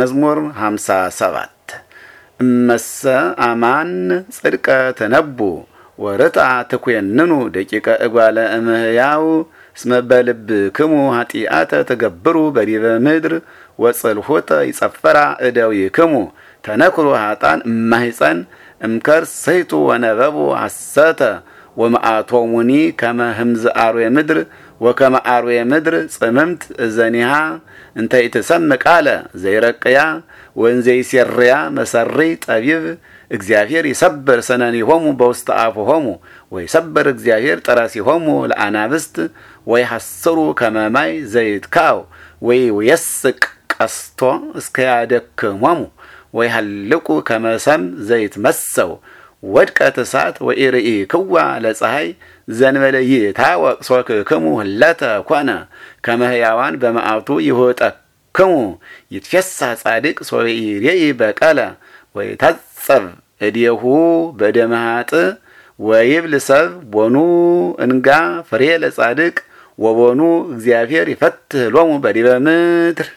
መዝሙር 57 እመሰ አማን ጽድቀ ተነቡ ወርጣ ትኮንኑ ደቂቀ እጓለ እምህያው እስመ ክሙ ኃጢአተ ተገብሩ በዲበ ምድር ወጽልሑተ ይጸፈራ ክሙ ተነክሩ ሃጣን እማሂፀን እምከር ሰይቱ ወነበቡ ሐሰተ ወመአቶሙኒ ከመ ህምዝ አርዌ ምድር ወከመ አርዌ ምድር ጽምምት እዘኒሃ እንተ ኢትሰምዕ ቃለ ዘይረቅያ ሴርያ መሰሪ ጠቢብ እግዚአብሔር ይሰብር ሰነኒሆሙ በውስተ ወይ ሰበር እግዚአብሔር ጥረሲሆሙ ለአናብስት ወይሐስሩ ከመ ማይ ዘይትካው የስቅ ቀስቶ እስከ ያደክሞሙ ወይሃልቁ ከመሰም ዘይት መሰው። ወድቀት እሳት ወኢርኢ ክዋ ለፀሐይ ዘንበለ ይታወቅ ሶክክሙ ህለተ ኮነ ከመህያዋን በመዓልቱ ይሁጠክሙ ይትፌሳ ጻድቅ ሶይሬኢ በቀለ ወይታጸብ እዴሁ በደመሃጥ ወይብል ሰብ ቦኑ እንጋ ፍሬ ለጻድቅ ወቦኑ እግዚአብሔር ይፈትህ ሎሙ በዲበ ምድር